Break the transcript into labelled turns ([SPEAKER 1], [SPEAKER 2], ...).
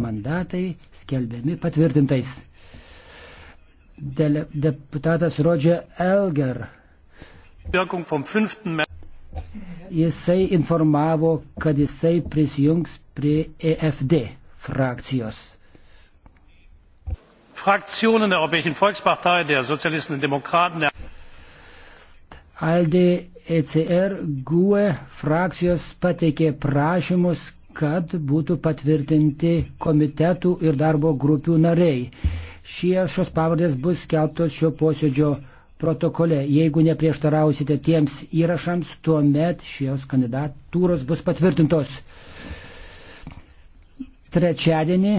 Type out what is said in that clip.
[SPEAKER 1] mandatai skelbiami patvirtintais. Dele, deputatas Rodžia Elger. Jisai informavo, kad jisai prisijungs prie EFD
[SPEAKER 2] frakcijos. Fraktionen der Europäischen Volkspartei, der Sozialisten und Demokraten, der
[SPEAKER 1] ALDE, ECR, GUE frakcijos pateikė prašymus, kad būtų patvirtinti komitetų ir darbo grupių nariai. Šie šios pavardės bus skelbtos šio posėdžio protokole. Jeigu neprieštarausite tiems įrašams, tuomet šios kandidatūros bus patvirtintos. Trečiadienį